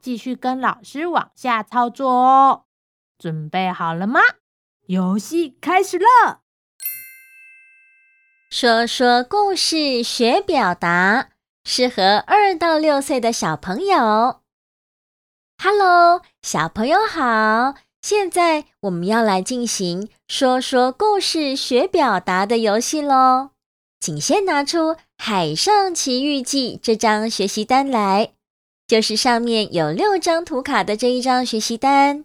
繼續跟老師往下操作哦，準備好了嗎？遊戲開始了。說說故事學表達，適合二到六歲的小朋友。Hello，小朋友好，現在我們要來進行說說故事學表達的遊戲咯，請先拿出《海上奇遇記》這張學習單來。就是上面有六張圖卡的這一張學習單。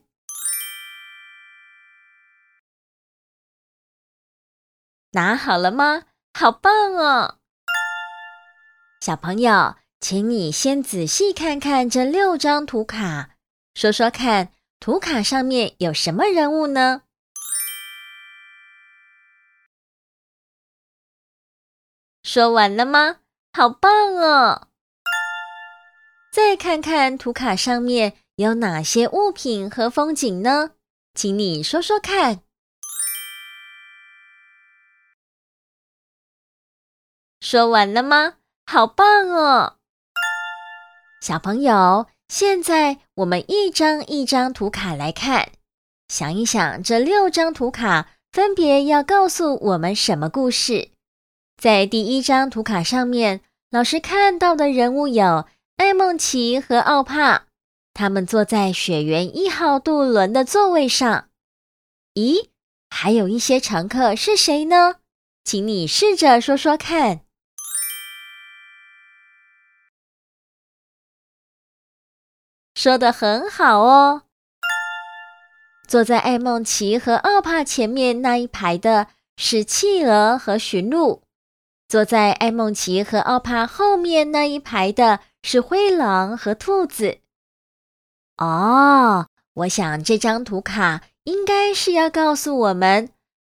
拿好了嗎？好棒哦！小朋友，請你先仔細看看這六張圖卡，說說看，圖卡上面有什麼人物呢？說完了嗎？好棒哦！再看看圖卡上面有哪些物品和風景呢？請你說說看。說完了嗎？好棒哦！小朋友，現在我們一張一張圖卡來看，想一想這六張圖卡分別要告訴我們什麼故事。在第一張圖卡上面，老師看到的人物有。愛孟奇和奧帕，他們坐在雪原一號渡輪的座位上。咦？還有一些乘客是誰呢？請你試着說說看。說得很好哦。坐在愛孟奇和奧帕前面那一排的是企鵝和馴鹿，坐在愛孟奇和奧帕後面那一排的。是灰狼和兔子。哦、oh，我想這張圖卡應該是要告訴我們，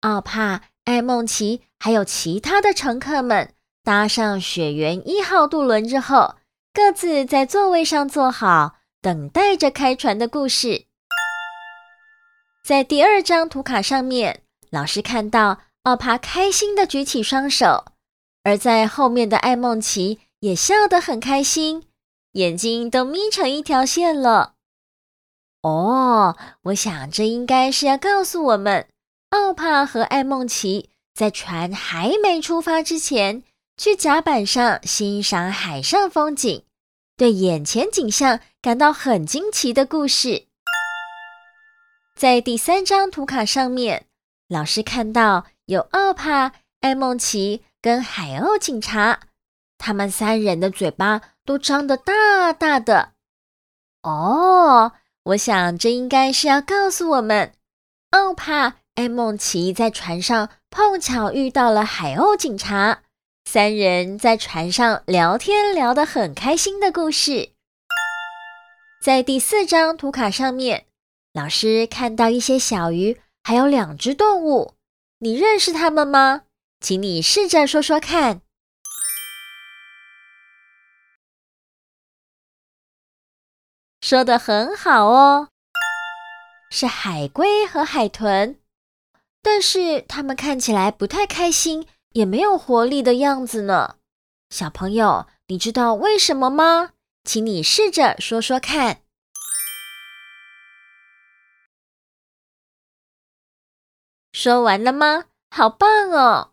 奧帕、愛孟奇還有其他的乘客們搭上雪原一號渡輪之後，各自在座位上坐好，等待着開船的故事。在第二張圖卡上面，老師看到奧帕開心的舉起雙手，而在後面的愛孟奇。也笑得很開心，眼睛都眯成一條線了。哦，我想這應該是要告訴我們，奧帕和愛孟奇在船還沒出發之前，去甲板上欣賞海上風景，對眼前景象感到很驚奇的故事。在第三張圖卡上面，老師看到有奧帕、愛孟奇跟海鷗警察。他們三人的嘴巴都張得大大的。哦、oh，我想這應該是要告訴我們，奧帕、愛孟奇在船上碰巧遇到了海鷗警察，三人在船上聊天聊得很開心的故事。在第四張圖卡上面，老師看到一些小魚，還有兩只動物，你認識它們嗎？請你試着說說看。說得很好哦，是海龜和海豚，但是它們看起來不太開心，也沒有活力的樣子呢。小朋友，你知道為什麼嗎？請你試着說說看。說完了嗎？好棒哦！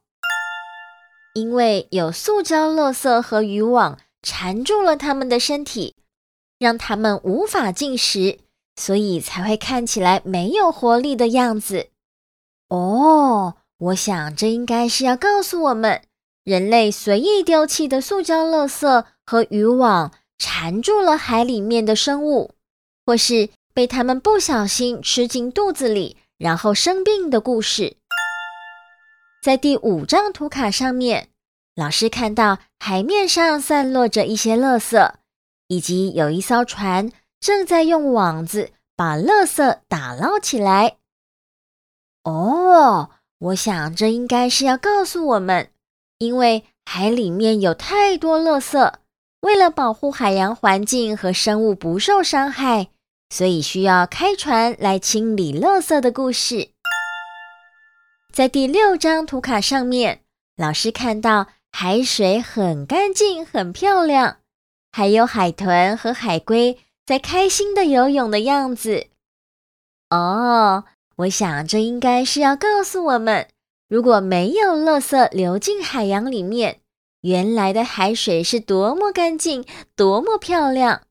因為有塑膠垃圾和漁網纏住了它們的身體。讓他們無法進食，所以才會看起來沒有活力的樣子。哦，我想這應該是要告訴我們，人類隨意丟棄的塑膠垃圾和漁網纏住了海裡面的生物，或是被他們不小心吃進肚子裡，然後生病的故事。在第五張圖卡上面，老師看到海面上散落着一些垃圾。以及有一艘船正在用網子把垃圾打撈起來。哦、oh，我想這應該是要告訴我們，因為海裡面有太多垃圾，為了保護海洋環境和生物不受傷害，所以需要開船來清理垃圾的故事。在第六張圖卡上面，老師看到海水很乾淨、很漂亮。還有海豚和海龜在開心的游泳的樣子。哦，我想這應該是要告訴我們，如果沒有垃圾流進海洋裡面，原來的海水是多麼乾淨、多麼漂亮，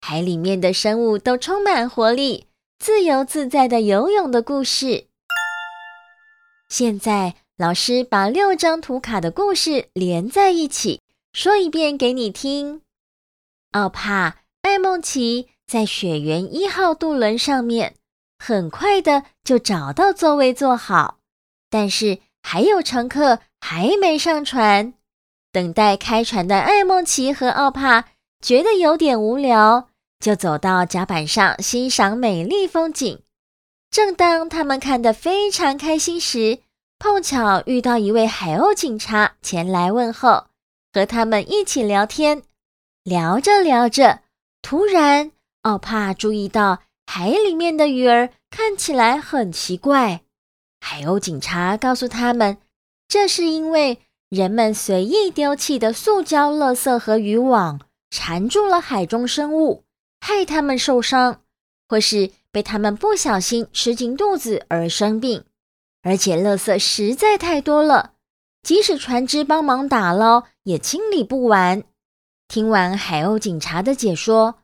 海裡面的生物都充滿活力，自由自在的游泳的故事。現在，老師把六張圖卡的故事連在一起，說一遍給你聽。奧帕，愛孟奇在雪原一號渡輪上面，很快的就找到座位坐好。但是還有乘客還沒上船，等待開船的愛孟奇和奧帕覺得有點無聊，就走到甲板上欣賞美麗風景。正當他們看得非常開心時，碰巧遇到一位海鷗警察前來問候，和他們一起聊天。聊着聊着，突然奧帕注意到海裡面的魚兒看起來很奇怪。海鷗警察告訴他們，這是因為人們隨意丟棄的塑膠垃圾和漁網纏住了海中生物，害他們受傷，或是被他們不小心吃進肚子而生病。而且垃圾實在太多了，即使船只幫忙打撈，也清理不完。聽完海鷗警察的解說，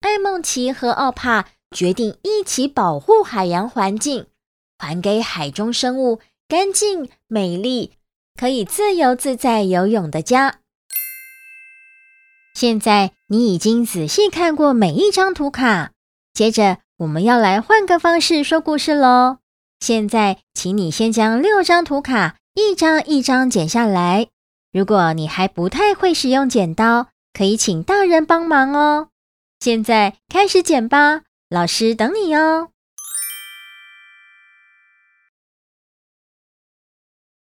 愛孟奇和奧帕決定一起保護海洋環境，還給海中生物乾淨、美麗、可以自由自在游泳的家。現在你已經仔細看過每一張圖卡，接着我們要來換個方式說故事嘍。現在，請你先將六張圖卡一張一張剪下來。如果你還不太會使用剪刀，可以請大人幫忙哦。現在開始剪吧，老師等你哦。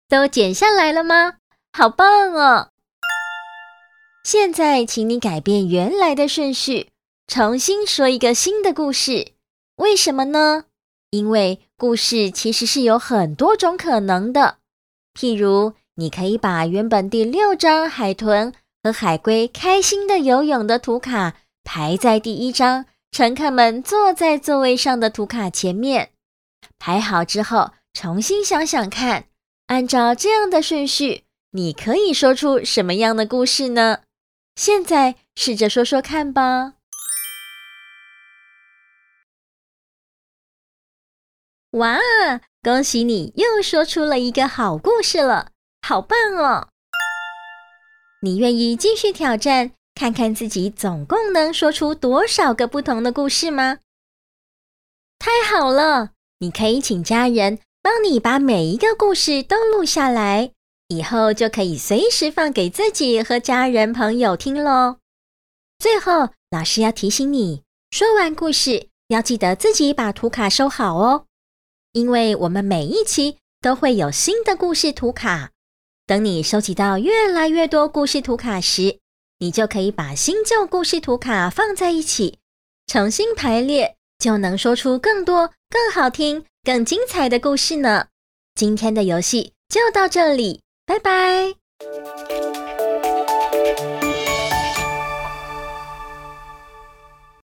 都剪下來了嗎？好棒哦！現在請你改變原來的順序，重新說一個新的故事。為什麼呢？因為故事其實是有很多種可能的。譬如，你可以把原本第六張海豚。和海龜開心的游泳的圖卡排在第一張，乘客們坐在座位上的圖卡前面。排好之後，重新想想看，按照這樣的順序，你可以說出什麼樣的故事呢？現在試着說說看吧。哇，恭喜你又說出了一個好故事了，好棒哦！你願意繼續挑戰，看看自己總共能說出多少個不同的故事嗎？太好了，你可以請家人幫你把每一個故事都錄下來，以後就可以隨時放給自己和家人朋友聽嘍。最後，老師要提醒你，說完故事，要記得自己把圖卡收好哦，因為我們每一期都會有新的故事圖卡。等你收集到越來越多故事圖卡時，你就可以把新舊故事圖卡放在一起，重新排列，就能說出更多、更好聽、更精彩的故事呢。今天的遊戲就到這裡，拜拜。